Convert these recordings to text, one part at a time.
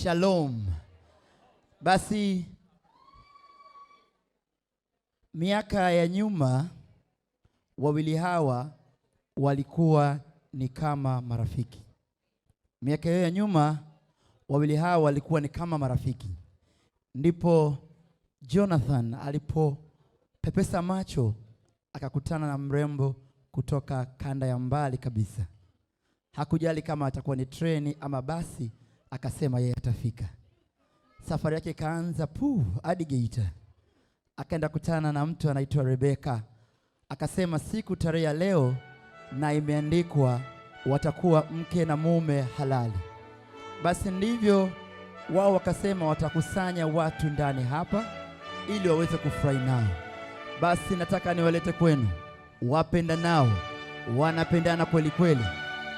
Shalom. Basi miaka ya nyuma wawili hawa walikuwa ni kama marafiki. Miaka hiyo ya nyuma wawili hawa walikuwa ni kama marafiki, ndipo Jonathan alipopepesa macho akakutana na mrembo kutoka kanda ya mbali kabisa. Hakujali kama atakuwa ni treni ama basi akasema yeye atafika. Safari yake ikaanza puu hadi Geita, akaenda kutana na mtu anaitwa Rebeka, akasema siku tarehe ya leo na imeandikwa watakuwa mke na mume halali. Basi ndivyo wao wakasema watakusanya watu ndani hapa ili waweze kufurahi nao. Basi nataka niwalete kwenu wapenda nao, wanapendana kweli kweli.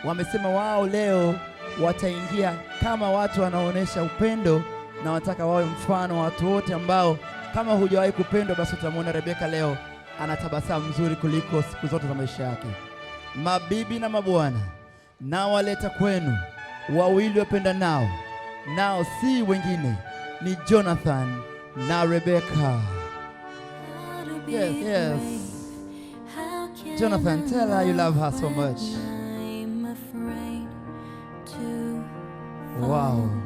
Wamesema wao leo wataingia kama watu wanaonesha upendo, na wataka wawe mfano watu wote ambao, kama hujawahi kupendwa, basi utamwona Rebeka leo ana mzuri kuliko siku zote za maisha yake. Mabibi na mabwana, nao waleta kwenu wawili wapenda nao nao si wengine ni Jonathan na Rebeka. Yes, yes. Jonathan, tell her you love her so much. Wow.